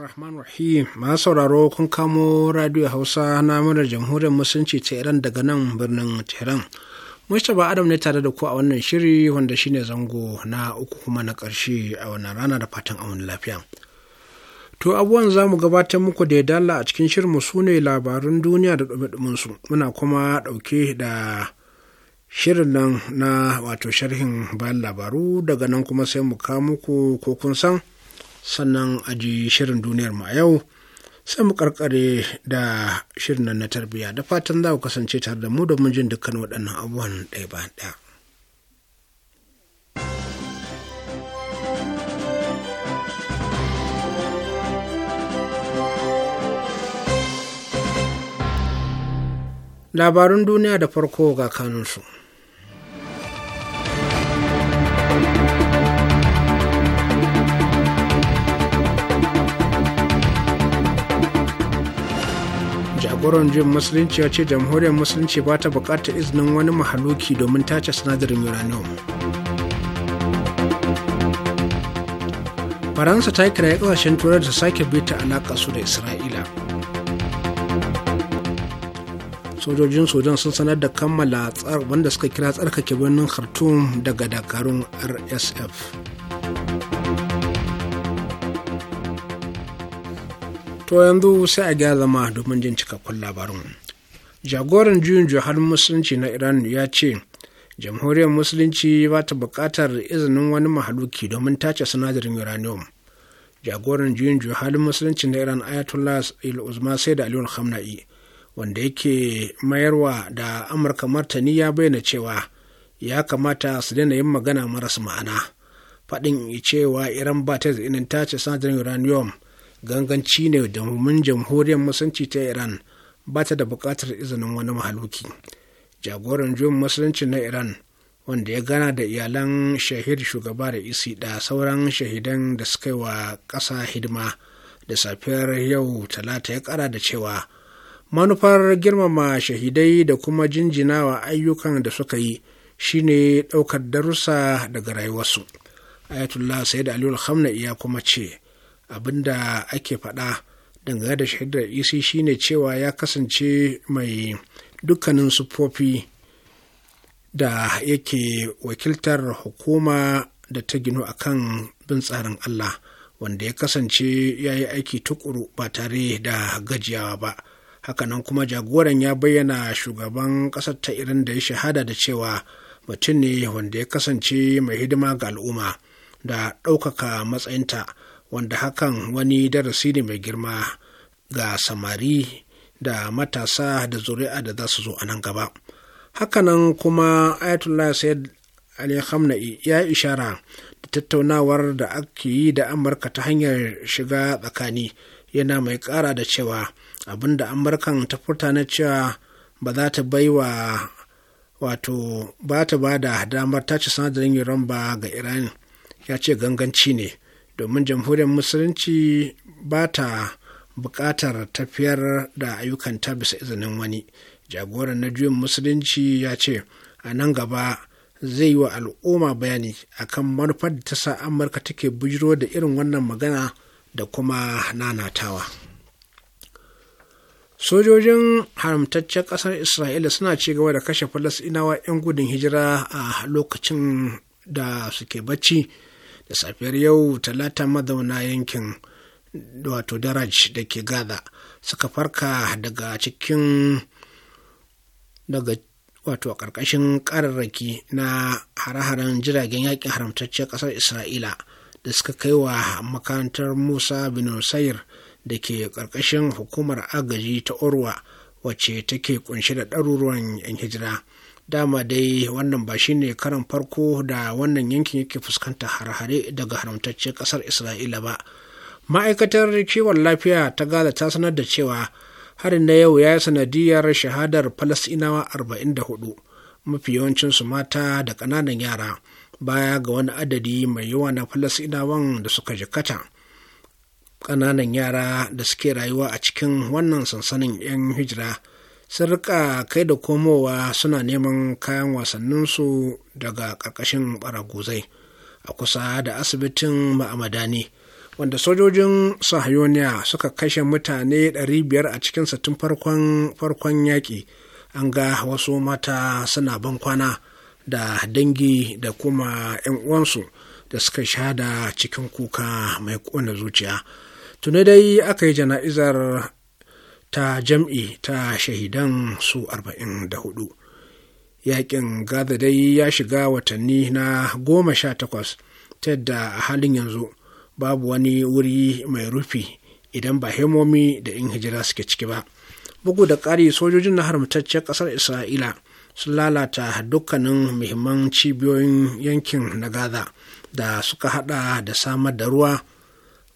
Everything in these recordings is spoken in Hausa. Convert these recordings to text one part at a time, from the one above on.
rahman rahim masu sauraro kun kamo radio hausa na murar jamhuriyar musulunci ta iran daga nan birnin tehran mustapha adam ne tare da ku a wannan shiri wanda shine zango na uku kuma na ƙarshe a wannan rana da fatan amin lafiya to abubuwan za mu gabatar muku da ya dala a cikin shirinmu su ne labarun duniya da su muna kuma ɗauke da shirin nan na wato sharhin bayan labaru daga nan kuma sai mu kawo muku ko kun san sannan a ji shirin duniyar mu a yau sai mu karkare da shirin na tarbiyya da fatan za ku kasance tare da mu domin jin dukkan waɗannan abubuwan ɗaya ba ɗaya. Labarun duniya da farko ga kanunsu. jagoran jin musulunci ya ce jamhuriyar musulunci ba ta bukatar izinin wani mahaluki domin tace sinadarin uranium faransa ta yi kiraye kasashen turai da sake bita alaƙa su da isra'ila sojojin sojan sun sanar da kammala tsar wanda suka kira tsarkake birnin khartoum daga dakarun rsf to yanzu sai a gyara zama domin jin cikakkun labarin jagoran juyin halin musulunci na iran ya ce jamhuriyar musulunci ba ta buƙatar izinin wani mahaluki domin tace sinadarin uranium jagoran juyin halin musulunci na iran ayatollah il uzma sai da aliyu khamna'i wanda yake mayarwa da amurka martani ya bayyana cewa ya kamata su daina yin magana maras ma'ana faɗin cewa iran ba ta izinin tace sinadarin uranium ganganci ne da domin jamhuriyar musulunci ta iran ba ta da buƙatar izinin wani mahaluki jagoran juyin musulunci na iran wanda ya gana da iyalan shahid shugaba da isi da sauran shahidan da suka yi wa ƙasa hidima da safiyar yau talata ya ƙara da cewa manufar girmama shahidai da kuma jinjinawa ayyukan da suka yi shine ɗaukar darussa daga rayuwarsu ayatollah sayyid aliyu alhamna iya kuma ce Abin da ake faɗa dangane da shaidar isi e shine cewa ya kasance mai dukkanin siffofi da yake wakiltar hukuma da ta ginu akan bin tsarin allah wanda ya kasance ya yi aiki tukuru ba tare da gajiyawa ba hakanan kuma jagoran ya bayyana shugaban ƙasar ta irin da ya shahada da cewa mutum ne wanda ya kasance mai hidima ga al'umma da ɗaukaka matsayinta wanda hakan wani darasi ne mai girma ga samari da matasa da zuri'a da za su zo a nan gaba hakanan kuma ayatollah sayyid ali khamenei ya ishara da tattaunawar da ake yi da amurka ta hanyar shiga tsakani yana mai kara da cewa abin da amurkan ta furta na cewa ba za ta bai wa wato ba ta ba da damar tace sanadarin iran ba ga iran ya ce ganganci ne domin jamhuriyar musulunci ba ta buƙatar tafiyar da ayyukanta bisa izinin wani jagoran na juyin musulunci ya ce a nan gaba zai yi wa al'umma bayani akan manufar da ta sa amurka take bujiro da irin wannan magana da kuma nanatawa sojojin haramtaccen ƙasar isra'ila suna cigaba da kashe falasinawa 'yan gudun hijira a lokacin da suke bacci da safiyar yau talata mazauna yankin wato daraj da ke gaza suka farka daga cikin daga wato a ƙarƙashin ƙararraki na hare-haren jiragen yakin haramtacciyar ƙasar isra'ila da suka kai wa makarantar musa bin sayir da ke ƙarƙashin hukumar agaji ta orwa wacce take kunshe da ɗaruruwan 'yan hijira dama dai wannan ba shine karan farko da wannan yankin yake fuskanta har-hare daga haramtaccen ƙasar isra'ila ba ma'aikatar kiwon lafiya ta gaza ta sanar da cewa harin na yau ya yi sanadiyar shahadar falasinawa 44 mafi yawancinsu mata da ƙananan yara baya ga wani adadi mai yawa na falasinawan da suka jikata ƙananan yara da suke rayuwa a cikin wannan sansanin 'yan hijira sun rika kai da komowa suna neman kayan wasanninsu daga ƙarƙashin baraguzai a kusa da asibitin ma'amadani wanda sojojin sahayoniya suka kashe mutane 500 a cikinsa tun farkon farkon yaƙi an ga wasu mata suna ban kwana da dangi da kuma 'yan uwansu da suka shada cikin kuka mai kona zuciya tuni dai aka yi jana'izar ta jam'i ta shahidan su 44 yakin gaza dai ya shiga watanni na goma sha takwas ta yadda a halin yanzu babu wani wuri mai rufi idan ba hemomi da in hijira suke ciki ba bugu da ƙari sojojin na haramtaccen ƙasar isra'ila sun lalata dukkanin muhimman cibiyoyin yankin na gaza da suka hada da samar da ruwa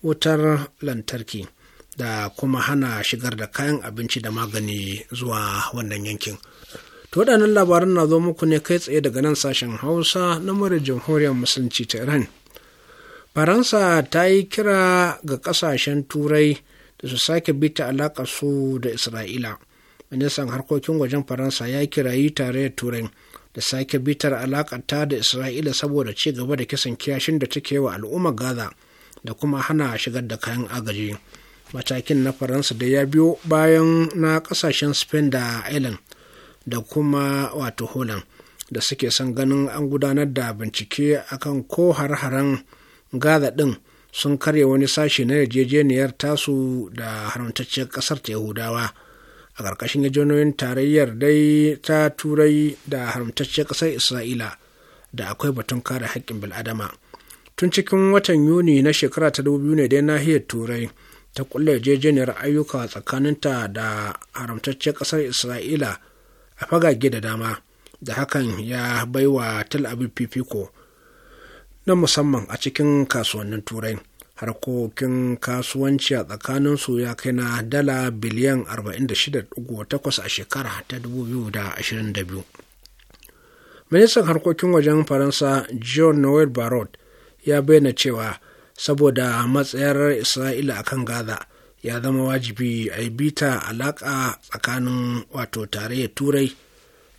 wutar lantarki da kuma hana shigar da kayan abinci da magani zuwa wannan yankin. To waɗannan labaran na zo muku ne kai tsaye daga nan sashen Hausa na murar jamhuriyar Musulunci ta Iran. Faransa ta yi kira ga ƙasashen Turai da su sake bita alaƙa su da Isra'ila. Ministan harkokin wajen Faransa ya kirayi tare da Turai da sake bitar ta da Isra'ila saboda ci gaba da kisan kiyashin da take wa al'ummar Gaza da kuma hana shigar da kayan agaji. matakin na faransa da ya biyo bayan na kasashen spain da ireland da kuma wato holland da suke son ganin an gudanar da bincike akan ko har-haren gaza ɗin sun karya wani sashi na yarjejeniyar tasu da haramtacciyar ƙasar ta yahudawa a ƙarƙashin yajonoyin tarayyar dai ta turai da haramtacciyar ƙasar isra'ila da akwai batun kare haƙƙin bil'adama tun cikin watan yuni na shekara ta dubu biyu ne dai nahiyar turai ta kulle yarjejeniyar ayyuka tsakaninta da haramtaccen kasar isra'ila a fagage da dama da hakan ya baiwa tel aviv fifiko na musamman a cikin kasuwannin turai harkokin kasuwanci a tsakaninsu ya kai na dala biliyan 46.8 a shekara ta 2022 ministan harkokin wajen faransa john noel barrot ya bayyana cewa saboda matsayar isra'ila akan gaza ya zama wajibi a yi bita alaƙa tsakanin wato tarayyar turai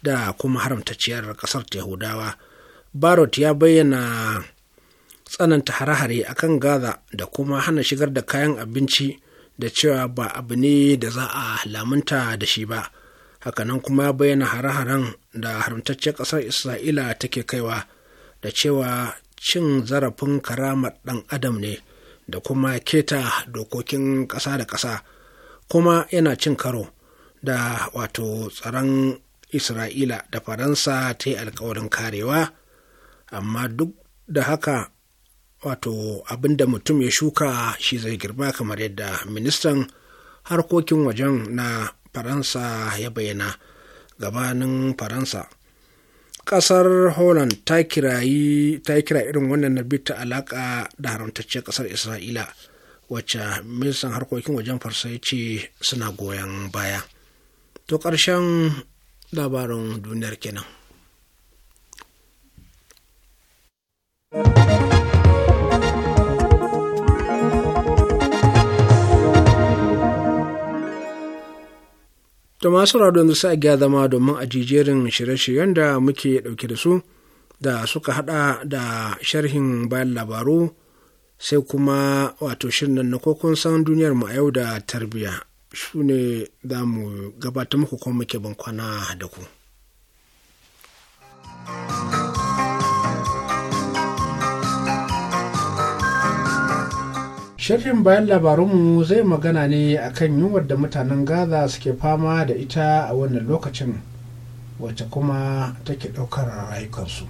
da kuma haramtacciyar ƙasar yahudawa barot ya bayyana tsananta hare-hare akan gaza da kuma hana shigar da kayan abinci da cewa ba abu ne da za a lamunta da shi ba hakanan kuma ya bayyana hare-haren da haramtacciyar ƙasar isra'ila take kaiwa da cewa cin zarafin karamar ɗan adam ne da kuma keta dokokin ƙasa da ƙasa kuma yana cin karo da wato tsaron isra'ila da faransa ta yi alkawarin karewa amma duk da haka wato abin da mutum ya shuka shi zai girba kamar yadda ministan harkokin wajen na faransa ya bayyana gabanin faransa kasar holland ta kira irin wannan na bita alaka da haramtacciyar kasar isra'ila wacce ministan harkokin wajen farsa ya ce suna goyon baya to ƙarshen labarin duniyar kenan. da masu rado yanzu sa gya zama domin a jijerin shirye-shiryen da muke ɗauke da su da suka hada da sharhin bayan labaru sai kuma wato shirin nan na kokon san duniyar mu a yau da tarbiyya su ne za mu gabata muku kuma muke bankwana da ku. sharhin bayan labarunmu zai magana ne akan yunwar da mutanen gaza suke fama da ita a wannan lokacin wacce kuma take ɗaukar rayukansu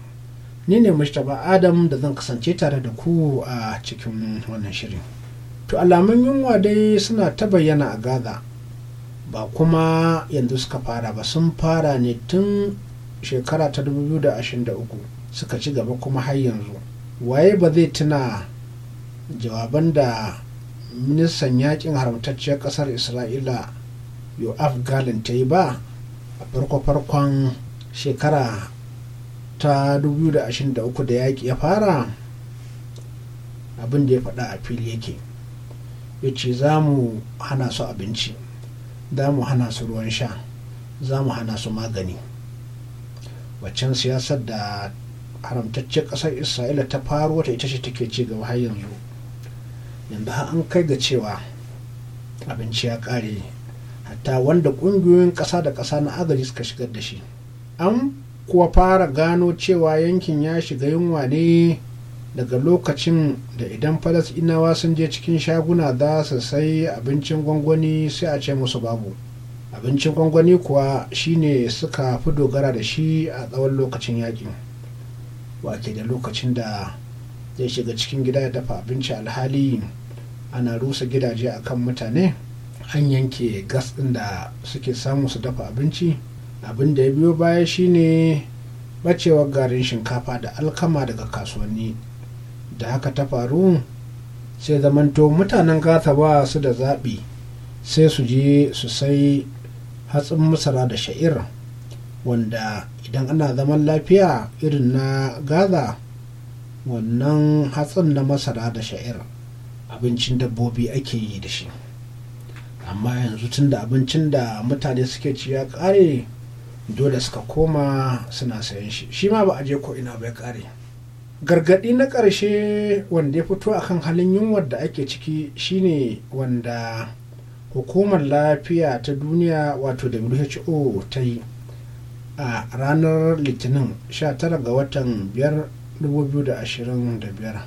ni ne mustapha adam da zan kasance tare da ku a cikin wannan shirin to alamun yunwa dai suna ta bayyana a gaza ba kuma yanzu suka fara ba sun fara ne tun shekara ta 2023 suka ci gaba kuma har yanzu waye ba zai tuna jawaban da ministan yakin haramtacciyar kasar isra'ila yoav galin ta yi ba a farko-farkon shekara ta 2023 da yaƙi ya fara abin da ya faɗa a fili yake ya ce za mu hana su abinci za mu hana su ruwan sha za mu hana su magani waccan siyasar da haramtacciyar ƙasar isra'ila ta faro ta ita ce take ci gaba har yanzu yanzu an kai ga cewa abinci ya ƙare hatta wanda ƙungiyoyin ƙasa da ƙasa na agaji suka shigar da shi an kuwa fara gano cewa yankin ya shiga yunwa ne daga lokacin da idan inawa sun je cikin shaguna za su sai abincin gwangwani sai a ce musu babu abincin gwangwani kuwa shine suka fi dogara da shi a tsawon lokacin yakin wake da lokacin da zai shiga cikin gida ya dafa abinci alhali ana rusa gidaje a kan mutane an yanke gas ɗin da suke samu su dafa abinci abin da ya biyo baya shine bacewar garin shinkafa da alkama daga kasuwanni da haka ta faru sai zamanto mutanen gata ba su da zaɓi sai su je su sai hatsin masara da sha'ir wanda idan ana zaman lafiya irin na gaza wannan hatsin na masara da sha'ir abincin dabbobi ake yi da shi amma yanzu tun da abincin da mutane suke ci ya kare dole suka koma suna sayan shi shi ma ba a je ko ina bai kare gargaɗi na ƙarshe wanda ya fito a kan halin yunwar da ake ciki shine wanda hukumar lafiya ta duniya wato who ta yi a ranar litinin 19 ga watan 5 2025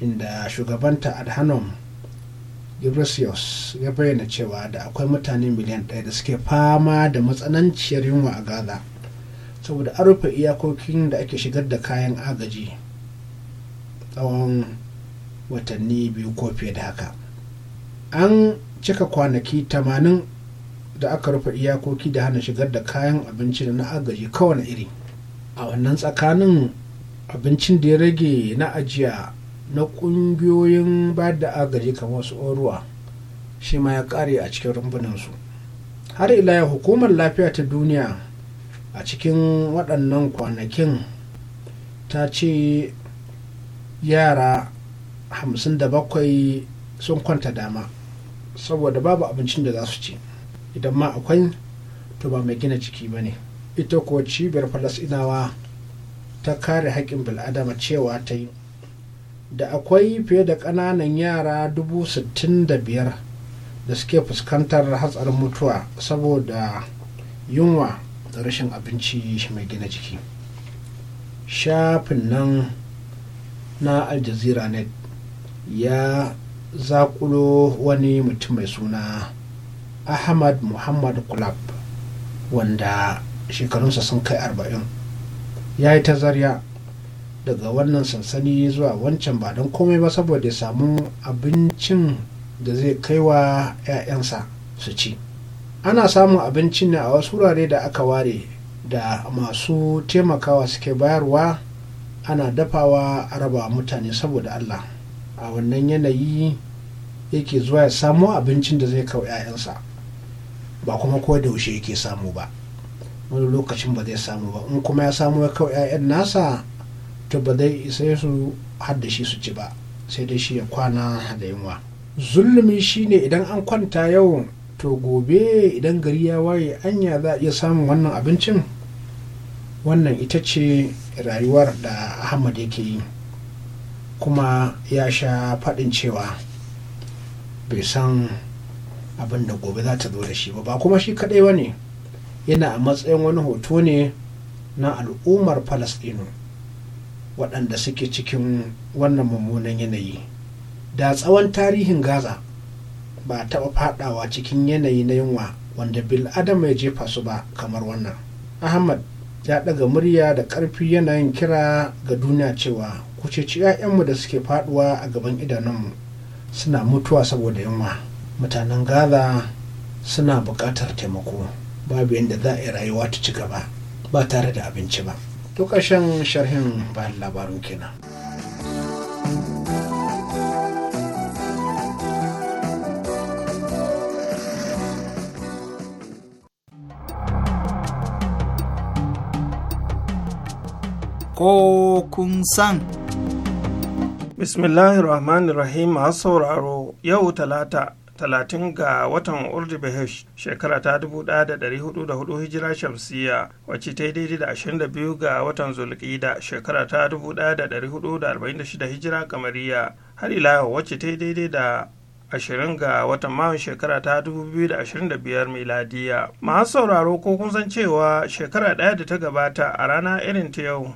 inda shugabanta adhanom Ghebreyesus ya bayyana cewa da akwai mutane miliyan ɗaya da suke fama da matsananciyar yunwa a gaza saboda an rufe iyakokin da ake shigar da kayan agaji tsawon watanni biyu ko fiye da haka an cika kwanaki 80 da aka rufe iyakoki da hana shigar da kayan abinci da na agaji kowane iri a wannan tsakanin abincin da ya rage na ajiya na ƙungiyoyin ba da agaji kamar su oruwa shi ma ya ƙare a cikin su har ila ya hukumar lafiya ta duniya a cikin waɗannan kwanakin ta ce yara 57 sun kwanta dama saboda babu abincin da za su ci idan ma akwai to ba mai gina jiki ba ne ita kuwa cibiyar falasinawa ta kare haƙƙin bil'adama cewa ta yi da akwai fiye da ƙananan yara dubu sittin da biyar da suke fuskantar hatsarin mutuwa saboda yunwa da rashin abinci mai gina jiki shafin nan na aljazeera net ya zakulo wani mutum mai suna ahmad muhammad kulab wanda shekarunsa sun kai arba'in. ya yi ta zarya daga wannan sansani zuwa wancan ba don komai ba saboda ya samu abincin da zai kai wa 'ya'yansa su ci ana samun abincin ne a wasu wurare da aka ware da masu taimakawa suke bayarwa ana dafawa a raba mutane saboda allah a wannan yanayi yake zuwa ya samu abincin da zai kawo 'ya'yansa ba kuma ko da yaushe yake samu ba wani lokacin ba zai samu ba in kuma ya samu ya kawai 'ya'yan nasa to ba zai isa su haddashi shi su ci ba sai dai shi ya kwana da yunwa zulumi shine idan an kwanta yau to gobe idan gari ya waye anya za a iya samun wannan abincin wannan ita ce rayuwar da ahmad yake yi kuma ya sha faɗin cewa bai san abin da gobe za ta zo da shi ba ba kuma shi kaɗai ba ne yana a matsayin wani hoto ne na al'ummar falasɗinu waɗanda suke cikin wannan mummunan yanayi da tsawon tarihin gaza ba a taɓa faɗawa cikin yanayi na yunwa wanda bil adam ya jefa su ba kamar wannan ahmad ya ɗaga murya da ƙarfi yanayin kira ga duniya cewa ku ceci 'ya'yanmu da suke faɗuwa a gaban idanunmu suna mutuwa saboda yunwa mutanen gaza suna buƙatar taimako babu yadda za a yi rayuwa ta ci gaba ba tare da abinci ba to ƙarshen sharhin ba labarun kenan ko kun san. Bismillahirrahmanirrahim masu sauraro yau talata talatin ga watan Urdubahesh shekara ta dubu da da hudu hijira shamsiya wacce ta yi daidai da ashirin da biyu ga watan Zulqida shekara ta dubu da da da arba'in shida hijira kamariya har ila yau wacce ta yi daidai da ashirin ga watan Mayun shekara ta dubu biyu da da ashirin biyar miladiya. Masu sauraro ko kun san cewa shekara ɗaya da ta gabata a rana irin ta yau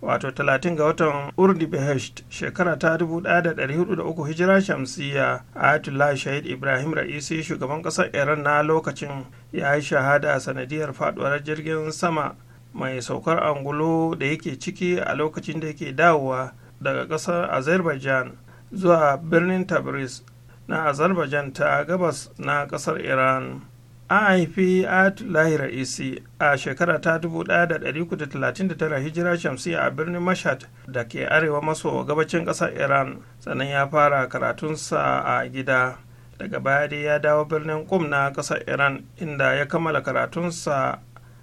wato 30 ga watan urdibehesht shekara ta 1403 hijira shamsiya ayatollah shahid ibrahim ra'isi shugaban kasar iran na lokacin ya yi shahada a sanadiyar faduwar jirgin sama mai saukar angulo da yake ciki a lokacin da yake dawowa daga kasar azerbaijan zuwa birnin tabriz na azerbaijan ta gabas na kasar iran an haifi Atullahi Ra'isi a shekara ta 1939 hijira shamsiya a birnin Mashhad da ke arewa maso gabacin ƙasar Iran sannan ya fara karatunsa a gida daga baya dai ya dawo birnin Qum na ƙasar Iran inda ya kammala karatunsa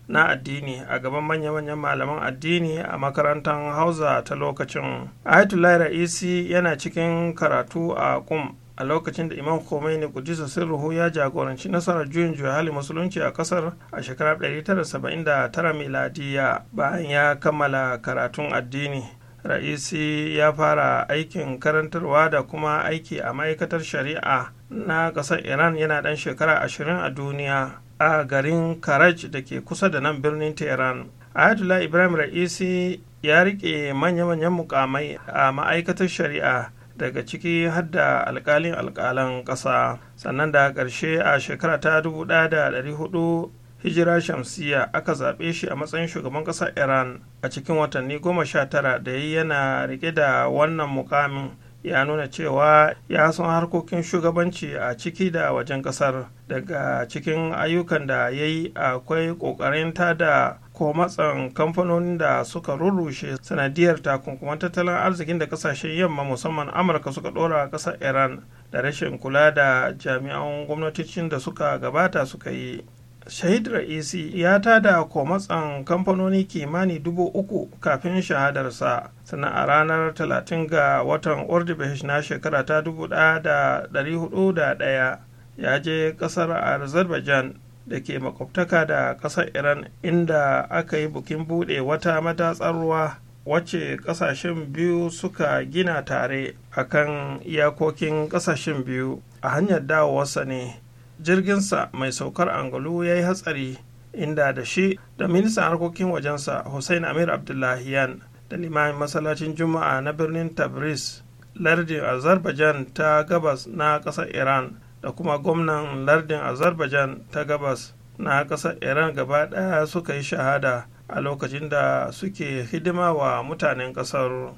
na addini a gaban manya-manyan malaman addini a makarantar Hausa ta lokacin. Ayatollah Ra'isi yana cikin karatu a Qum a lokacin da imam khomeini kudisa sirruhu ya jagoranci nasarar juyin juya hali musulunci a kasar a shekarar 1979 miladiya bayan ya kammala karatun addini ra'isi ya fara aikin karantarwa da kuma aiki a ma'aikatar shari'a na ƙasar iran yana ɗan shekara 20 a duniya a garin karaj da ke kusa da nan birnin tehran ayatollah ibrahim ra'isi ya riƙe manya-manyan mukamai a ma'aikatar shari'a daga ciki har da alkalin alkalan ƙasa sannan da ƙarshe a shekara ta 1400 hijira shamsiya aka zaɓe shi a matsayin shugaban ƙasar iran a cikin watanni goma sha tara da yi yana rike da wannan mukamin ya nuna cewa ya san harkokin shugabanci a ciki da wajen ƙasar daga cikin ayyukan da ya yi akwai ƙoƙarin tada ko matsan kamfanonin da suka rurrushe sanadiyar takunkuman tattalin arzikin da kasashen yamma musamman amurka suka dora a kasar iran da rashin kula da jami'an gwamnaticin da suka gabata suka yi shahid ra'isi ya tada ko matsan kamfanoni kimani dubu uku kafin shahadarsa sannan a ranar 30 ga watan ordibesh na shekara ta 1401 ya je kasar azerbaijan da ke makwabtaka da ƙasar iran inda aka yi bukin buɗe wata matatsar ruwa wacce ƙasashen biyu suka gina tare a kan iyakokin ƙasashen biyu a hanyar dawowarsa ne jirginsa mai saukar angulu ya yi hatsari inda da shi da ministan harkokin wajensa hussein amir abdullahiyan da limamin masallacin juma'a na birnin tabriz lardin azerbaijan ta gabas na ƙasar iran da kuma gwamnan lardin azerbaijan ta gabas na ƙasar iran gaba ɗaya suka yi shahada a lokacin da suke hidima wa mutanen ƙasar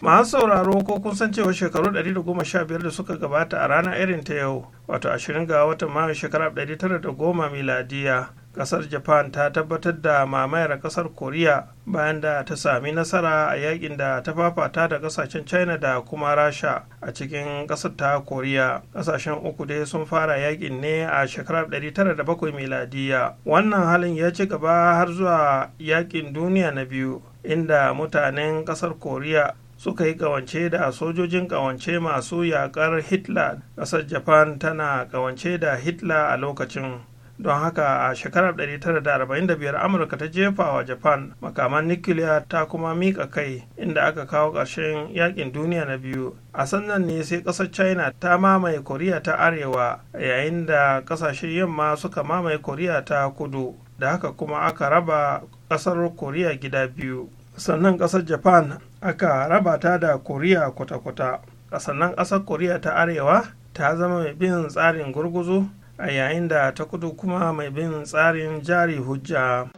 masu sauraro ko kun san cewa shekaru 115 da suka gabata a rana irin ta yau wato 20 ga watan mayu shekara 1910 miladiya kasar japan ta tabbatar da mamayar kasar koriya bayan da ta sami nasara a yakin da ta fafata da kasashen china da kuma rasha a cikin kasar ta koriya kasashen uku dai sun fara yakin ne a shekarar 1907 miladiya wannan halin ya ci gaba har zuwa yakin duniya na biyu inda mutanen kasar koriya suka yi kawance da sojojin kawance masu yakar hitler kasar japan tana kawance da hitler a lokacin don haka a shekarar 1945 amurka ta jefa wa japan makaman nukiliya ta kuma miƙa kai inda aka kawo ƙarshen yakin duniya na biyu a sannan ne sai ƙasar china ta mamaye koriya ta arewa yayin da ƙasashen yamma suka mamaye koriya ta kudu da haka kuma aka raba ƙasar koriya gida biyu sannan ƙasar japan aka raba ta da koriya kwata-kwata sannan ƙasar koriya ta arewa ta zama mai bin tsarin gurguzu a yayin da ta kudu kuma mai bin tsarin jari hujja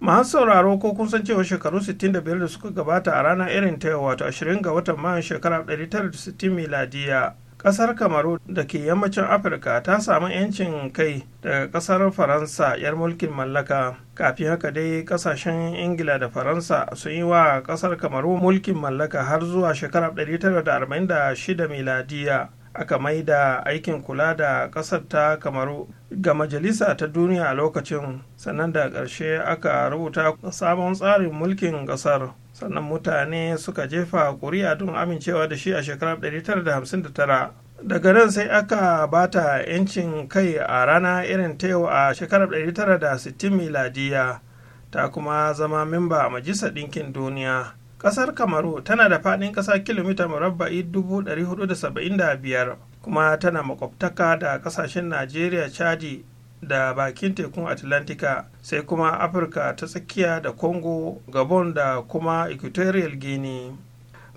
masu sauraro ko kun san cewa shekaru 65 da suka gabata a ranar irin ta wato 20 ga watan mayan shekara 1960 miladiya kasar kamaru da ke yammacin afirka ta samu 'yancin kai daga kasar faransa 'yar mulkin mallaka kafin haka dai kasashen ingila da faransa sun yi wa kasar kamaru mulkin mallaka har zuwa shekarar 1946 miladiya aka mai da aikin kula da kasar ta kamaru ga majalisa ta duniya a lokacin sannan da ƙarshe aka rubuta sabon tsarin mulkin kasar sannan mutane suka jefa ƙuri'a don amincewa da shi a shekarar 1959 daga nan sai aka bata 'yancin kai a rana irin ta yau a shekarar 1960 miladiya ta kuma zama mimba a majisa ɗinkin duniya ƙasar kamaru tana da faɗin ƙasa kilomita murabba'i 475 kuma tana makwabtaka da ƙasashen najeriya chadi da bakin tekun atlantika sai kuma afirka ta tsakiya da congo gabon da kuma equatorial guinea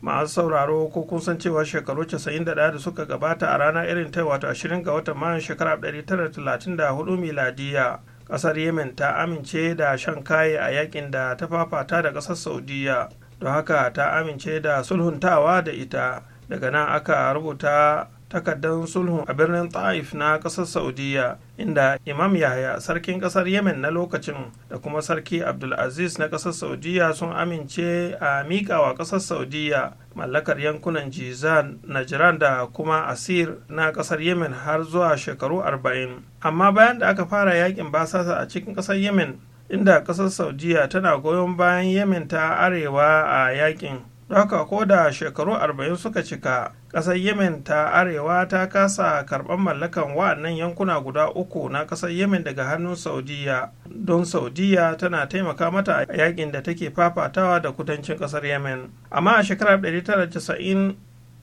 masu sauraro ko kun san cewa shekaru 91 da suka gabata a ranar irin ta wato 20 ga watan mayan shekara 1934 miladiya kasar yemen ta amince da shan kaye a yakin da ta fafata da kasar saudiya don haka ta amince da sulhuntawa da ita daga nan aka rubuta takardar sulhu a birnin ta'if na ƙasar saudiya inda imam yahaya sarkin ƙasar yemen na lokacin da kuma sarki abdulaziz na ƙasar saudiya sun amince a miƙawa ƙasar saudiya mallakar yankunan jizan najran da kuma asir na ƙasar yemen har zuwa shekaru 40 amma bayan da aka fara yakin basasa a cikin ƙasar yemen inda ƙasar saudiya tana goyon bayan yemen ta arewa a yakin haka ko da shekaru 40 suka cika ƙasar yemen ta arewa ta kasa karɓar mallakan wa'annan yankuna guda uku na ƙasar yemen daga hannun saudiya don saudiya tana taimaka mata a yakin da take fafatawa da kudancin ƙasar yemen amma a shekarar 1990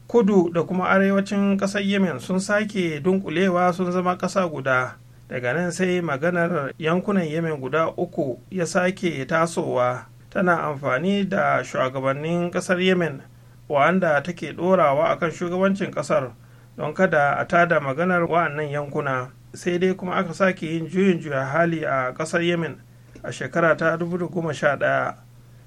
kudu da kuma arewacin ƙasar yemen sun sake dunkulewa sun zama ƙasa guda daga nan sai maganar yankunan yemen guda uku ya sake tasowa tana amfani da shugabannin ƙasar yemen wanda take ɗorawa akan shugabancin ƙasar don kada a tada maganar wa'annan yankuna sai dai kuma aka sake yin juyin juya hali a ƙasar yemen a shekara ta 2011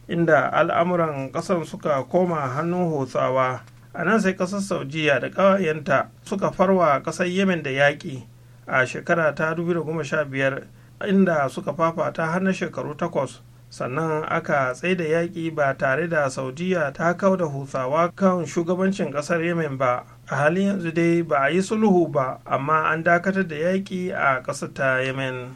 inda al'amuran ƙasar suka koma hannun hotsawa a nan sai ƙasar saudiya da ƙawayenta suka farwa ƙasar yemen da yaƙi a shekara ta 2015 inda suka fafata har na shekaru takwas sannan aka tsaida yaƙi ba tare da saudiya ta kau da hutsawa kan shugabancin ƙasar yemen ba a halin yanzu dai ba a yi sulhu ba amma an dakatar da yaƙi a ƙasar ta yemen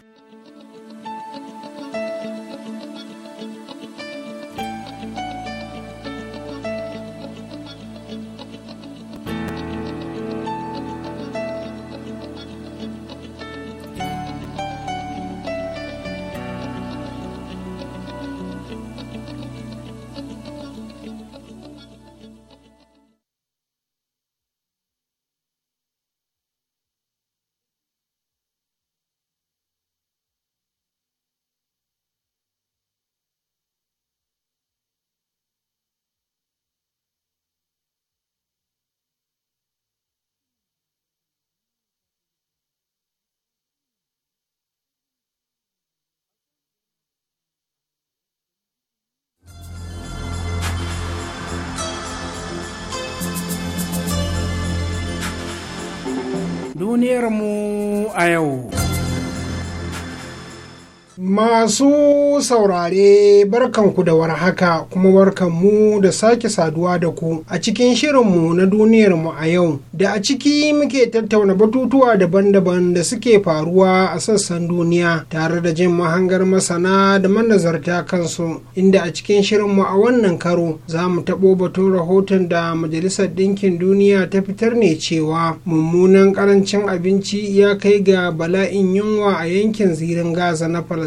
duniyarmu a yau. Masu saurare barkanku da warhaka kuma mu da sake saduwa da ku a cikin shirinmu na duniyarmu a yau da a ciki muke tattauna batutuwa daban-daban da suke faruwa a sassan duniya tare da jin mahangar masana da manazarta kansu inda a cikin shirinmu a wannan karo za mu taɓo batun rahoton da Majalisar Ɗinkin Duniya ta fitar ne cewa mummunan ƙarancin abinci ya kai ga bala'in yunwa a yankin zirin Gaza na Falasɗin.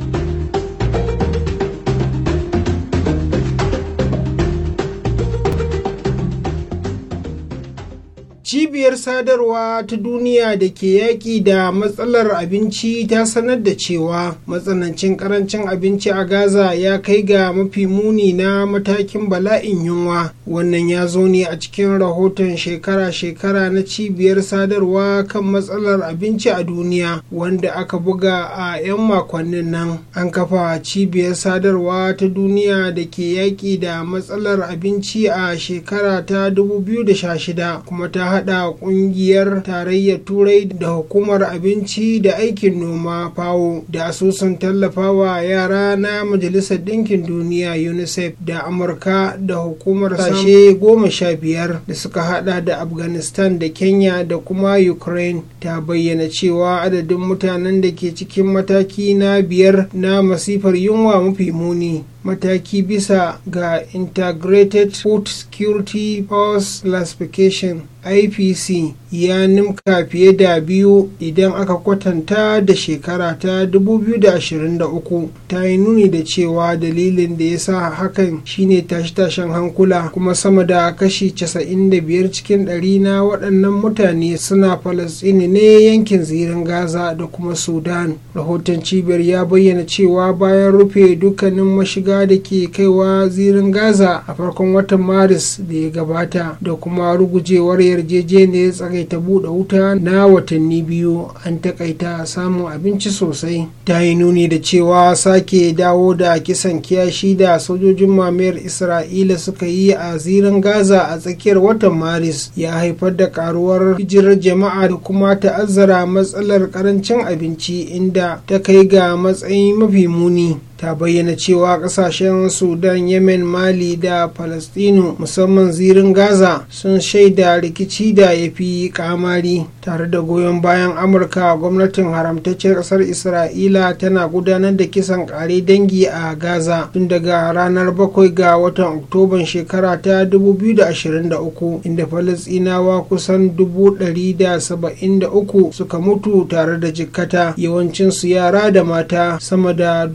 cibiyar sadarwa ta duniya da ke yaƙi da matsalar abinci ta sanar da cewa matsanancin karancin abinci a gaza ya kai ga mafi muni na matakin bala'in yunwa wannan ya zo ne a cikin rahoton shekara-shekara na cibiyar sadarwa kan matsalar abinci a duniya wanda aka buga a 'yan makonnin nan an kafa cibiyar sadarwa ta duniya da ke yaƙi da matsalar abinci a shekara ta 2016 kuma ta hada ƙungiyar tarayyar turai da hukumar abinci da aikin noma fawo da asusun tallafawa yara na majalisar ɗinkin duniya unicef da amurka da hukumar sashe goma sha biyar da suka haɗa da afghanistan da kenya da kuma ukraine ta bayyana cewa adadin mutanen da ke cikin mataki na biyar na masifar yunwa mafi muni mataki bisa ga integrated food security force classification ipc ya nimka fiye da biyu idan aka kwatanta da shekara ta 2023 ta yi nuni da cewa dalilin da ya sa hakan shine tashe-tashen hankula kuma sama da kashi 95 cikin 100 na waɗannan mutane suna falasini ne yankin zirin gaza da kuma sudan rahoton cibiyar ya bayyana cewa bayan rufe dukkanin mashiga da ke kaiwa zirin gaza a farkon watan maris da ya gabata da kuma rugujewar yarjejeniyar tsagaita buɗe wuta na watanni biyu an takaita samun abinci sosai ta yi nuni da cewa sake dawo da kisan kiyashi da sojojin mamayar isra'ila suka yi a zirin gaza a tsakiyar watan maris ya haifar da karuwar hijirar jama'a da kuma ta'azzara matsalar karancin abinci inda ta kai ga matsayin mafi muni ta bayyana cewa kasashen sudan yemen mali da palestino musamman zirin gaza sun shaida rikici da ya fi kamari tare da goyon bayan amurka gwamnatin haramtaccen kasar isra'ila tana gudanar da kisan kare dangi a gaza tun daga ranar 7 ga watan oktoban shekara ta 2023 inda palestinawa kusan 173 suka mutu tare da jikkata yawancinsu yara da mata sama da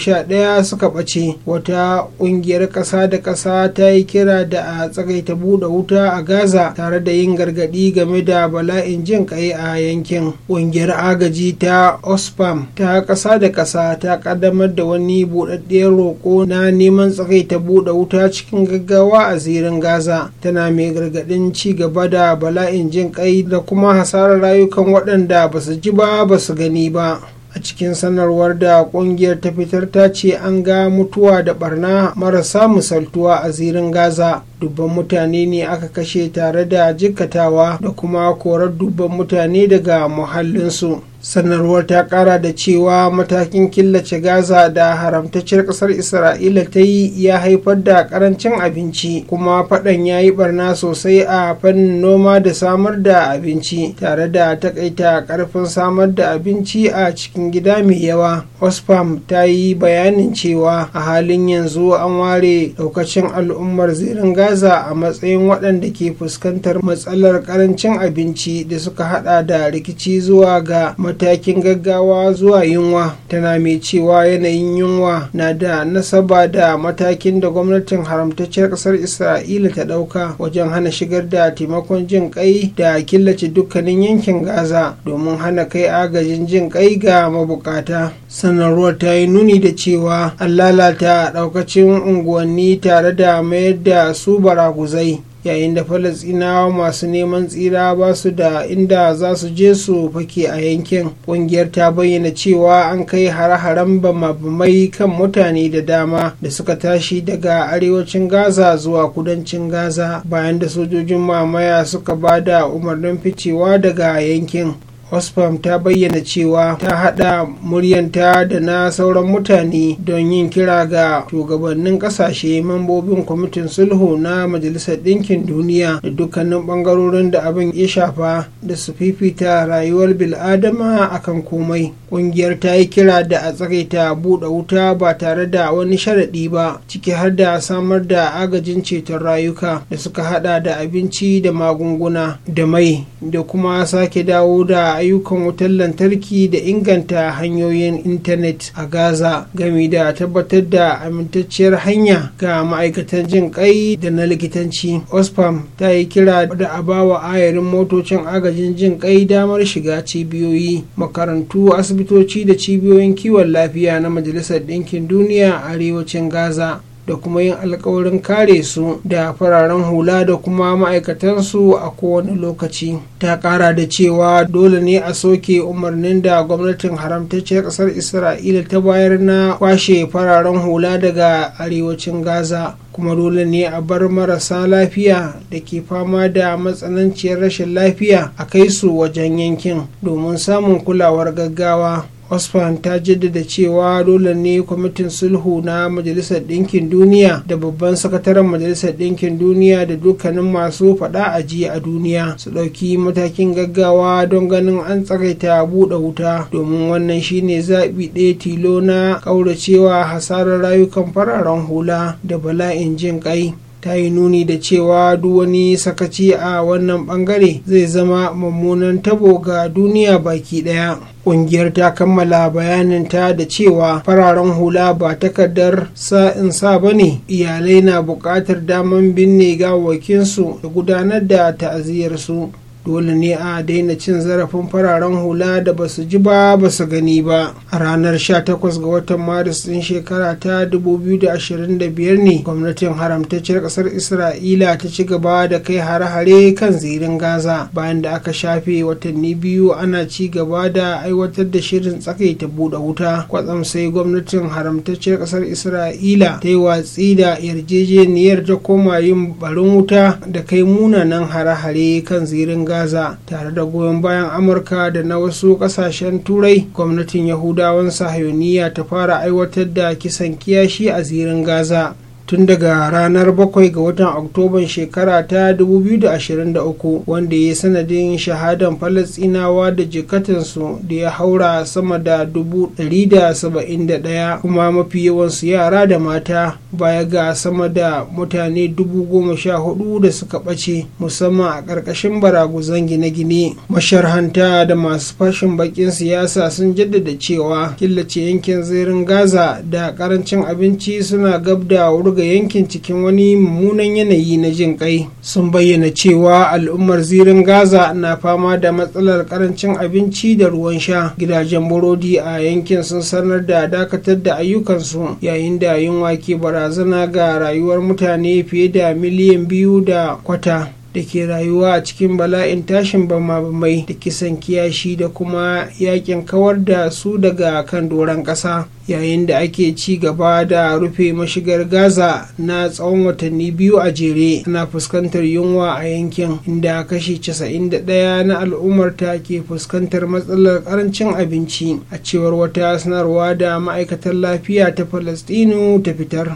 sha ɗaya suka ɓace wata ƙungiyar ƙasa da ƙasa ta yi kira da a tsagaita buɗe wuta a gaza tare da yin gargaɗi game da bala'in jin ƙai a yankin ƙungiyar agaji ta osfam ta ƙasa da ƙasa ta ƙaddamar da wani buɗaɗɗiyar roƙo na neman tsagaita buɗe wuta cikin gaggawa a zirin gaza tana mai gargaɗin ci gaba da bala'in jin ƙai da kuma hasarar rayukan waɗanda ba su ji ba ba su gani ba a cikin sanarwar da kungiyar ta fitar ta ce an ga mutuwa da barna marasa misaltuwa a zirin gaza dubban mutane ne aka kashe tare da jikkatawa da kuma korar dubban mutane daga muhallinsu sanarwar ta kara da cewa matakin killace gaza da haramtacciyar kasar isra'ila ta yi ya haifar da karancin abinci kuma fadan ya yi barna sosai a fannin noma da samar da abinci tare da takaita karfin samar da abinci a cikin gida mai yawa osfam ta yi bayanin cewa a halin yanzu an ware daukacin al'ummar zirin gaza gaza a matsayin waɗanda ke fuskantar matsalar karancin abinci da suka hada da rikici zuwa ga matakin gaggawa zuwa yunwa tana mai cewa yanayin yunwa na da nasaba da matakin da gwamnatin haramtacciyar ƙasar isra'ila ta ɗauka wajen hana shigar da taimakon jin kai da killace dukkanin yankin gaza domin hana kai agajin jin kai ga mabukata sanarwar ta yi nuni da cewa an lalata ɗaukacin unguwanni tare da mayar da su baraguzai yayin da falasinawa masu neman tsira ba su da inda za su je su fake a yankin kungiyar ta bayyana cewa an kai hare-haren bama-bamai kan mutane da dama da suka tashi daga arewacin gaza zuwa kudancin gaza bayan da sojojin mamaya suka ba da umarnin ficewa daga yankin osfam ta bayyana cewa ta haɗa muryanta da na sauran mutane don yin kira ga shugabannin ƙasashe mambobin kwamitin sulhu na majalisar ɗinkin duniya da dukkanin ɓangarorin da abin ya shafa da su fifita rayuwar bil'adama a kan komai ƙungiyar ta yi kira da a tsagaita buɗe wuta ba tare da wani sharaɗi ba ciki har da samar da agajin ceton rayuka da suka haɗa da abinci da magunguna da mai da kuma sake dawo da ayyukan wutar lantarki da inganta hanyoyin intanet a gaza gami da tabbatar da amintacciyar hanya ga ma'aikatan jin kai da na likitanci osfam ta yi kira da a bawa ayarin motocin agajin jin kai damar shiga cibiyoyi makarantu asibitoci da cibiyoyin kiwon lafiya na majalisar ɗinkin duniya a arewacin gaza da kuma yin alkawarin kare su da fararen hula da kuma ma'aikatansu a kowane lokaci ta kara da cewa dole ne a soke umarnin da gwamnatin haramtacciyar kasar isra'ila ta bayar na kwashe fararen hula daga arewacin gaza kuma dole ne a bar marasa lafiya da ke fama da matsananciyar rashin lafiya a kai su wajen yankin domin samun kulawar gaggawa osfan ta jaddada cewa dole ne kwamitin sulhu na majalisar ɗinkin duniya da babban sakataren majalisar ɗinkin duniya da dukkanin masu faɗa a jiya a duniya su ɗauki matakin gaggawa don ganin an tsakaita buɗe wuta domin wannan shine zaɓi ɗaya tilo na ƙauracewa hasarar rayukan fararen hula da bala'in jin ƙai ta yi nuni da cewa duk wani sakaci a wannan bangare zai zama mummunan tabo ga duniya baki daya kungiyar ta kammala bayanin ta da cewa fararen hula ba takardar sa'in sa ba ne iyalai na buƙatar daman binne gawakinsu da gudanar da ta'aziyarsu dole ne a daina cin zarafin fararen hula da ba su ji ba ba su gani ba a ranar 18 ga watan maris din shekara ta 2025 ne gwamnatin haramtacciyar kasar isra'ila ta ci gaba da kai hare-hare kan zirin gaza bayan da aka shafe watanni biyu ana ci gaba da aiwatar da shirin ta buɗe wuta kwatsam sai gwamnatin haramtacciyar kasar isra'ila ta yi watsi da yarjejeniyar ta koma yin barin wuta da kai munanan hare-hare kan zirin gaza tare da goyon bayan amurka da na wasu kasashen turai gwamnatin yahudawan sahayoniya ta fara aiwatar da kisan kiyashi a zirin gaza tun daga ranar 7 ga watan oktoban shekara ta 2023 wanda ya sanadin shahadan falasinawa da jikatansu da ya haura sama da 171 kuma mafi yawansu yara da mata baya ga sama da mutane 14,000 da suka ɓace musamman a ƙarƙashin baraguzan gine-gine masharhanta da masu fashin bakin siyasa sun jaddada cewa killace yankin zirin gaza da ƙarancin abinci suna gab da wurga daga yankin cikin wani mummunan yanayi na jin kai sun bayyana cewa al'ummar zirin gaza na fama da matsalar karancin abinci da ruwan sha gidajen burodi a yankin sun sanar da dakatar da ayyukansu yayin da yunwa ke barazana ga rayuwar mutane fiye da miliyan biyu da kwata da ke rayuwa a cikin bala'in tashin bama-bamai da kisan kiyashi da kuma yakin kawar da su daga kan doron ƙasa yayin da ake ci gaba da rufe mashigar gaza na tsawon watanni biyu a jere ana fuskantar yunwa a yankin inda kashi 91 na al'ummar ta ke fuskantar matsalar karancin abinci a cewar wata sanarwa da ma'aikatar lafiya ta falastinu ta fitar.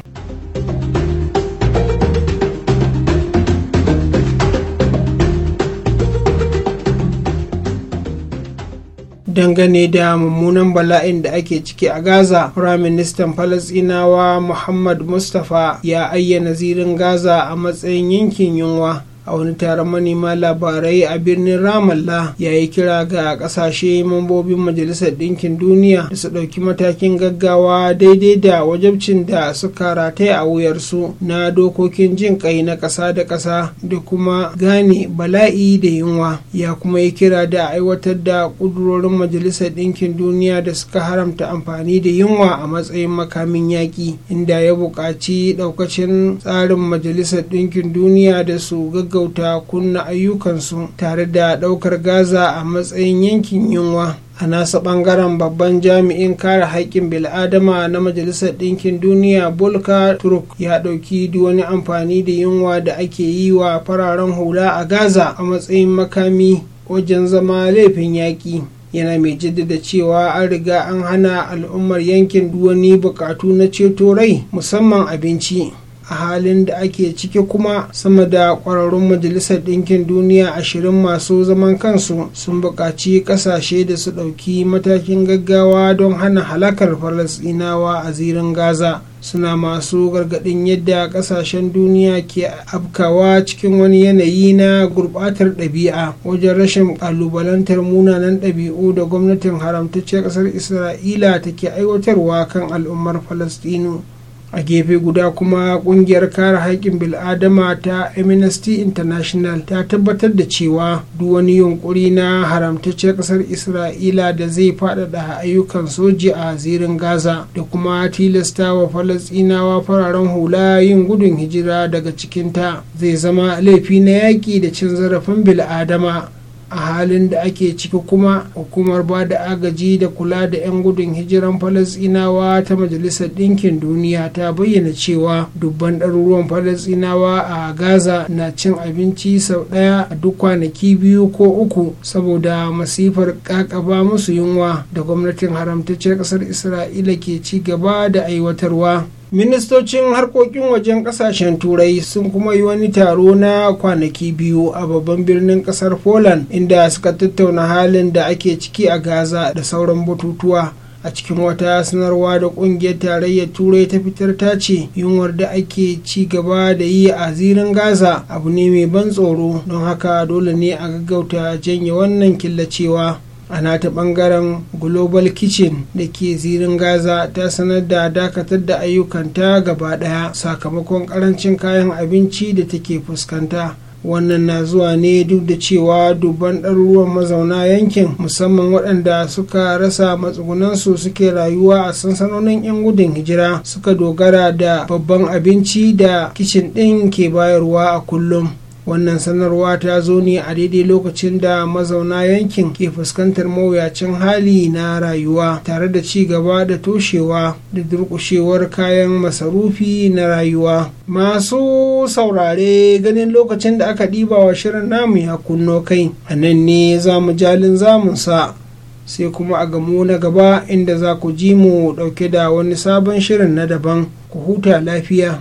dangane da mummunan bala'in da ake ciki a gaza firaministan falasinawa muhammad mustapha ya ayyana zirin gaza a matsayin yankin yunwa a wani taron manema labarai a birnin ramallah ya yi kira ga kasashe mambobin majalisar ɗinkin duniya da su ɗauki matakin gaggawa daidai da wajabcin da suka rataye a wuyarsu na dokokin jin kai na ƙasa da ƙasa da kuma gane bala'i da yunwa ya kuma yi kira da aiwatar da ƙudurorin majalisar ɗinkin duniya da suka haramta amfani da yunwa a matsayin makamin yaƙi inda ya buƙaci ɗaukacin tsarin majalisar ɗinkin duniya da su gaggawa gaggauta kunna ayyukansu tare da ɗaukar gaza a matsayin yankin yunwa a nasa ɓangaren babban jami'in kare haƙƙin bil'adama na majalisar ɗinkin duniya bulka turk ya ɗauki wani amfani da yunwa da ake yi wa fararen hula a gaza a matsayin makami wajen zama laifin yaƙi yana mai jaddada cewa an riga an hana al'ummar yankin duwani buƙatu na ceto rai musamman abinci a halin da ake ciki kuma sama da kwararrun majalisar ɗinkin duniya ashirin masu zaman kansu sun buƙaci ƙasashe da su ɗauki matakin gaggawa don hana halakar falasɗinawa a zirin gaza suna masu gargaɗin yadda ƙasashen duniya ke afkawa cikin wani yanayi na gurɓatar ɗabi'a wajen rashin ƙalubalantar munanan ɗabi'u da gwamnatin haramtacciyar ƙasar isra'ila take aiwatarwa kan al'ummar Falastinu. a gefe guda kuma kungiyar kare haƙƙin bil'adama ta amnesty international ta tabbatar da cewa duk wani yunkuri na haramtacce ƙasar isra'ila da zai faɗaɗa ayyukan soji a zirin gaza da kuma tilasta wa falastinawa fararen hula yin gudun hijira daga cikinta zai zama laifi na yaƙi da cin zarafin bil'adama a halin da ake ciki kuma hukumar ba da agaji da kula da 'yan gudun hijiran falasinawa ta majalisar ɗinkin duniya ta bayyana cewa dubban ɗaruruwan falasinawa a gaza na cin abinci sau ɗaya a duk kwanaki biyu ko uku saboda masifar ƙaƙaba musu yunwa da gwamnatin haramtacciyar ƙasar isra'ila ke ci gaba da aiwatarwa ministocin harkokin wajen kasashen turai sun kuma yi wani taro na kwanaki biyu a babban birnin kasar poland inda suka tattauna halin da ake ciki a gaza da sauran batutuwa a cikin wata sanarwa da kungiyar tarayyar turai ta fitar ta ce yunwar da ake ci gaba da yi a zirin gaza abu ne mai ban tsoro don haka dole ne a gaggauta janye wannan killacewa a nata bangaren global kitchen da ke zirin gaza ta sanar da dakatar da ayyukanta gaba daya sakamakon karancin kayan abinci da take fuskanta wannan na zuwa ne duk da cewa dubban ɗaruruwan mazauna yankin musamman waɗanda suka rasa matsugunansu suke rayuwa a sansanonin 'yan gudun hijira suka dogara da babban abinci da kicin ɗin ke bayarwa a kullum wannan sanarwa ta zo ne a daidai lokacin da mazauna yankin ke fuskantar mawuyacin hali na rayuwa tare da ci gaba da toshewa da durƙushewar kayan masarufi na rayuwa masu saurare ganin lokacin da aka ɗiba wa shirin namu ya kunno kai a nan ne za mu jalin zamunsa sai kuma a gamu na gaba inda za ku ji mu ɗauke da wani sabon shirin na daban ku huta lafiya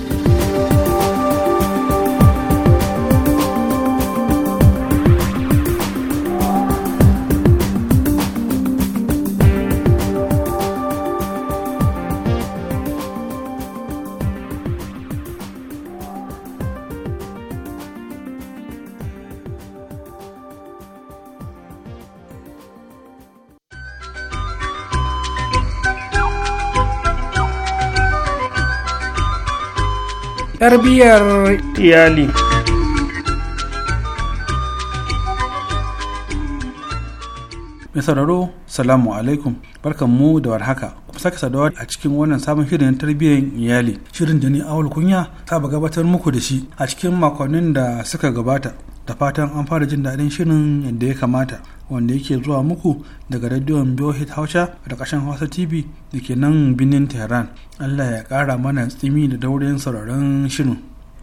tarbiyyar iyali mai sauraro salamu alaikum barkan mu da warhaka kuma sake sadawa a cikin wannan sabon shirin tarbiyyar iyali shirin da ni awul kunya saba gabatar muku da shi a cikin makonnin da suka gabata da fatan an fara jin daɗin shirin yadda ya kamata wanda yake zuwa muku daga radiyon Biohit Hausa da kashin Hausa TV da ke nan binin Tehran. Allah ya kara mana tsimi da daurin sauraron shirin.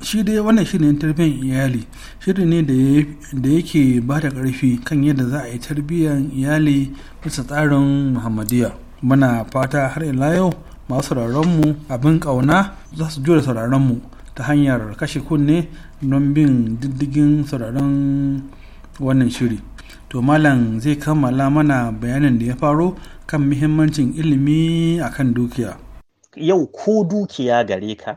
Shi dai wannan shirin tarbiyyar iyali shiri ne da yake ba da karfi kan yadda za a yi tarbiyyar iyali bisa tsarin Muhammadiyya. Muna fata har ila yau masu mu abin kauna za su jure mu ta hanyar kashe kunne don bin diddigin sauraron wannan shiri. to malam zai kammala mana bayanin da ya faro kan muhimmancin ilimi a kan dukiya yau ko dukiya gare ka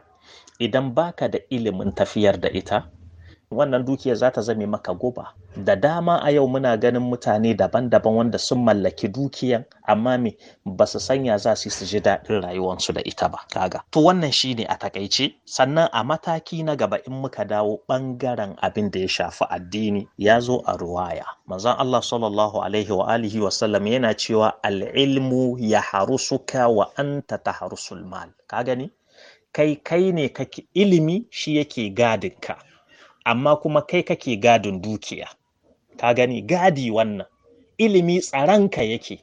idan baka da ilimin tafiyar da ita wannan dukiyar za ta zame maka guba da dama a yau muna ganin mutane daban-daban wanda sun mallaki dukiyan amma me ba su sanya za su su ji daɗin rayuwarsu da ita ba kaga to wannan shi ne a takaice sannan a mataki na gaba in muka dawo ɓangaren abin da ya shafi addini ya zo a ruwaya manzon Allah sallallahu alaihi wa alihi wa sallam yana cewa al-ilmu ya harusuka wa anta taharusul mal ka gani kai kai ne kake ilimi shi yake gadinka amma kuma kai kake gadin dukiya ka gani gadi wannan ilimi tsaranka yake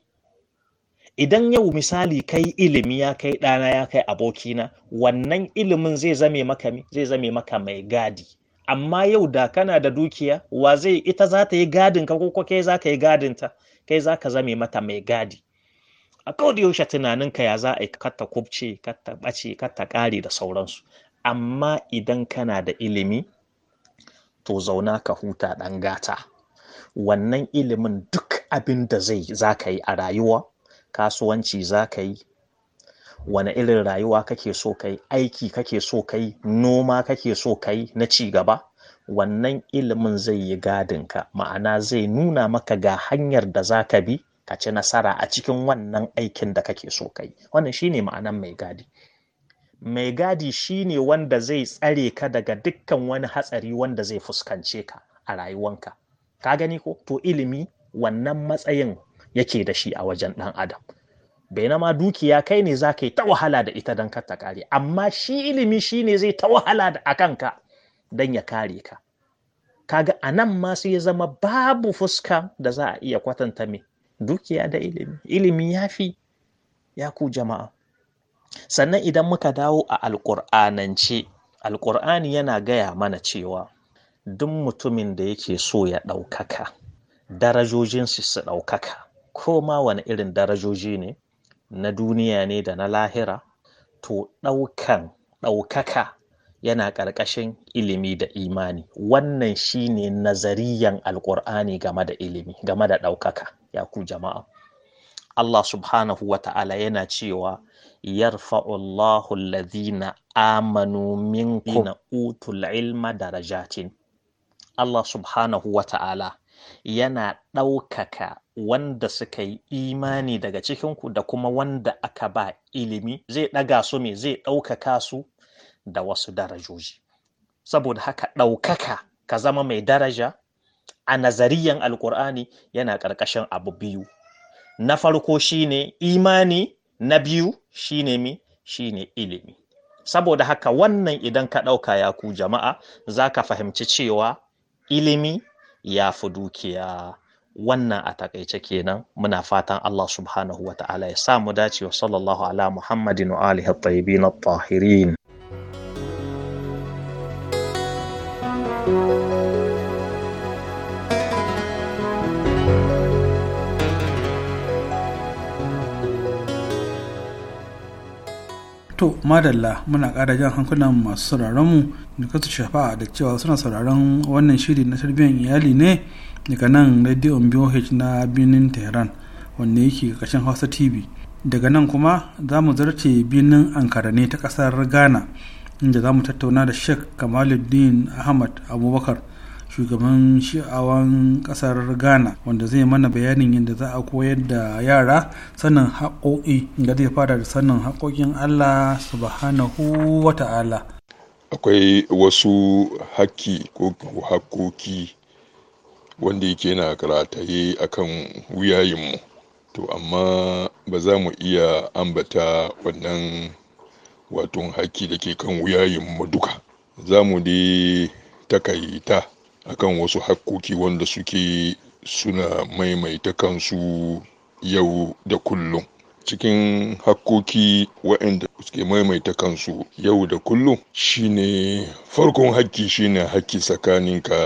idan yau misali kai ilimi ya kai ɗana ya kai abokina wannan ilimin zai zame maka zai zame maka mai gadi amma yau da kana da dukiya wa zai ita za ta yi gadin ka ko kai za ka yi gadin ta kai za ka zame mata mai gadi a kawai yaushe ka ya za a yi katta kubce katta ɓace katta ƙare da sauransu amma idan kana da ilimi to zauna ka huta ɗan gata wannan ilimin duk abin da zai za ka yi a rayuwa kasuwanci za ka yi wani irin rayuwa kake so kai aiki kake so kai noma kake so kai na ci gaba wannan ilimin zai yi gadin ka ma'ana zai nuna maka ga hanyar da za ka bi ka ci nasara a cikin wannan aikin da kake so kai wannan shine ma'anan mai gadi mai gadi shine wanda zai tsare ka daga dukkan wani hatsari wanda zai fuskance ka a rayuwanka ka gani ko to ilimi wannan matsayin yake da shi a wajen ɗan adam bai ma dukiya kai ne za ka yi ta wahala da ita don ta kare amma shi ilimi shi ne zai ta wahala da a kanka don ya kare ka kaga a nan ma sai ya zama babu fuska da za a iya kwatanta mai dukiya da ilimi ilimi ya fi ya ku jama'a sannan idan muka dawo a alƙur'anance alƙur'ani yana gaya mana cewa duk mutumin da yake so ya ɗaukaka darajojinsu su ɗaukaka ko ma wani irin darajoji ne na duniya ne da na lahira to ɗaukan ɗaukaka yana ƙarƙashin ilimi da imani wannan shine nazariyan alƙur'ani game da ilimi game da ɗaukaka ya ku jama'a Allah subhanahu wa ta'ala yana cewa yarfa'u Allahu alladhina amanu minkum utul ilma darajatin Allah subhanahu wa ta'ala yana ɗaukaka wanda suka yi imani daga cikinku da kuma wanda aka ba ilimi zai ɗaga su me zai ɗaukaka su da wasu darajoji saboda haka ɗaukaka ka zama mai daraja a nazariyan alkur'ani yana ƙarƙashin abu biyu na farko shine imani na biyu shine mi shine ilimi saboda haka wannan idan ka ɗauka ya ku jama'a za ka fahimci cewa ilimi ya fi dukiya wannan a takaice kenan muna fatan Allah subhanahu wa ta'ala ya samu dace wa sallallahu ala muhammadin wa alihi at-tayyibin tahirin To madalla muna kara jan hankulan masu sauraronmu da kasu shafa da cewa suna sauraron wannan shiri na tarbiyyar iyali ne daga nan rediyon BOH na birnin Tehran wanda yake kashin Hausa TV. Daga nan kuma za mu zarce birnin Ankara ne ta kasar Ghana inda za mu tattauna da Sheikh Kamaluddin Ahmad Abubakar shugaban shi'awan kasar ghana wanda zai mana bayanin yadda za a koyar da yara sanin haƙoƙi da zai fara da sanin haƙoƙin allah subhanahu wa ta'ala akwai wasu haƙƙi ko haƙoƙi wanda yake na karataye a kan wuyayenmu to amma ba za mu iya ambata wannan wato haƙƙi da ke kan wuyayenmu duka za mu dai takaita akan wasu hakkoki wanda suke suna maimaita kansu yau da kullum cikin hakkoki waɗanda suke maimaita kansu yau da kullum shine farkon hakki shine hakki tsakaninka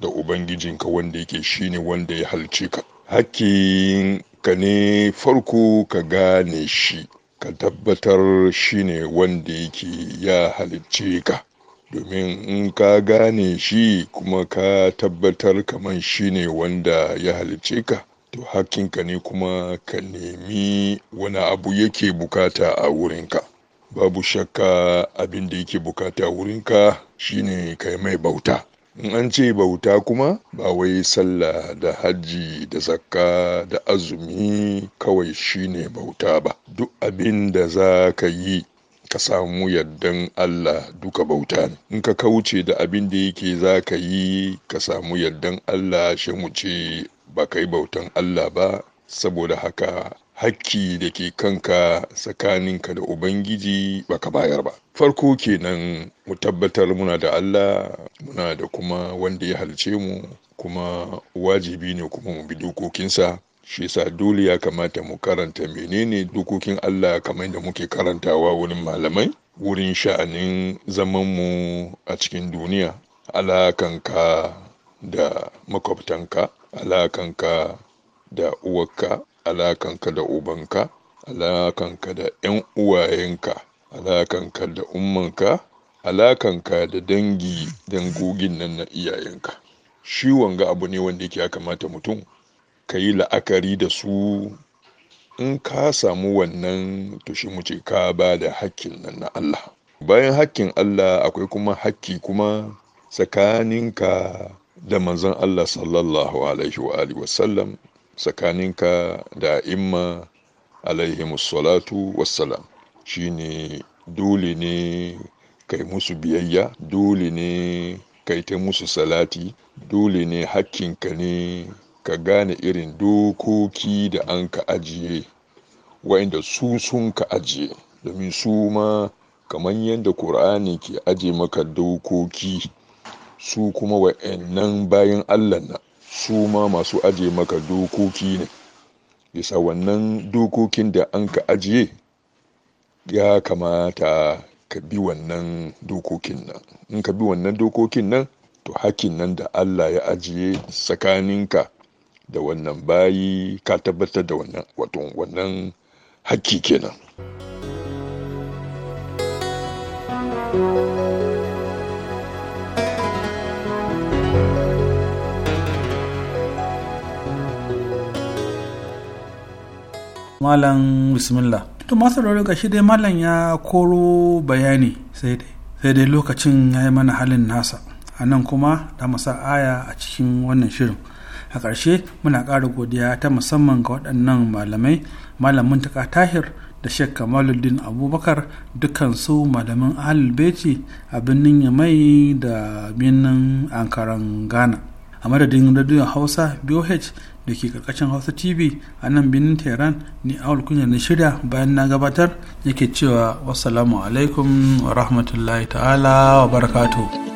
da ubangijinka wanda yake shine wanda ya halce ka hakkin ka ne farko ka gane shi ka tabbatar shine wanda yake ya halice ka domin in ka gane shi kuma ka tabbatar kaman shi ne wanda ya halice ka to hakinka ne kuma ka nemi wani abu yake bukata a wurinka babu shakka abin da yake bukata wurinka shine yi mai bauta in an ce bauta kuma ba wai sallah da hajji da zakka da azumi kawai shine bauta ba duk abin da za ka yi ka samu yardan Allah duka bauta ne in ka kauce da abin da yake za ka yi ka samu yardan Allah shi mu ce ba kai bautan Allah ba saboda haka hakki da ke kanka tsakaninka da ubangiji baka bayar ba farko kenan mu tabbatar muna da Allah muna da kuma wanda ya halce mu kuma wajibi ne kuma mu bi dokokinsa shi sa dole ya kamata mu karanta menene dokokin Allah kamar da muke karantawa wurin malamai wurin sha'anin zaman mu a cikin duniya alakanka da makwabtanka alakanka da uwarka alakanka da ubanka alakanka da 'yan uwayenka alakanka da ummanka alakanka da dangi dangogin nan na iyayenka shi wanga abu ne wanda yake ya kamata mutum ka yi la'akari da su in ka samu wannan to shi mu ce ka ba da hakkin nan na Allah bayan hakkin Allah akwai kuma hakki kuma tsakaninka da manzon Allah sallallahu alaihi wa alihi wasallam tsakaninka da imma alaihi salatu wassalam shine dole ne kai musu biyayya dole ne kai ta musu salati dole ne hakkinka ne ka gane irin dokoki da an ka ajiye wa'inda su sun ka ajiye domin su ma kamar yadda ƙur'ani ke aje maka dokoki su kuma wa'annan bayan allah na su ma masu aje maka dokoki ne bisa wannan dokokin da an ka ajiye ya kamata ka bi wannan dokokin nan in ka bi wannan dokokin nan to hakkin nan da allah ya ajiye tsakaninka da wannan bayi ka tabbatar da wannan wato wannan hakki kenan Malam Bismillah. To masu ga shi dai Malam ya koro bayani sai dai. Sai dai lokacin ya yi mana halin nasa. A nan kuma da masa aya a cikin wannan shirin. a ƙarshe muna ƙara godiya ta musamman ga waɗannan malamai malamin taka tahir da sheikh kamaluddin abubakar dukansu malamin albeci a birnin yamai da birnin ankaran ghana a madadin radiyon hausa boh da ke karkashin hausa tv a nan birnin tehran ni awal kunya na shirya bayan na gabatar yake cewa wasu alaikum wa rahmatullahi ta'ala wa barakatuh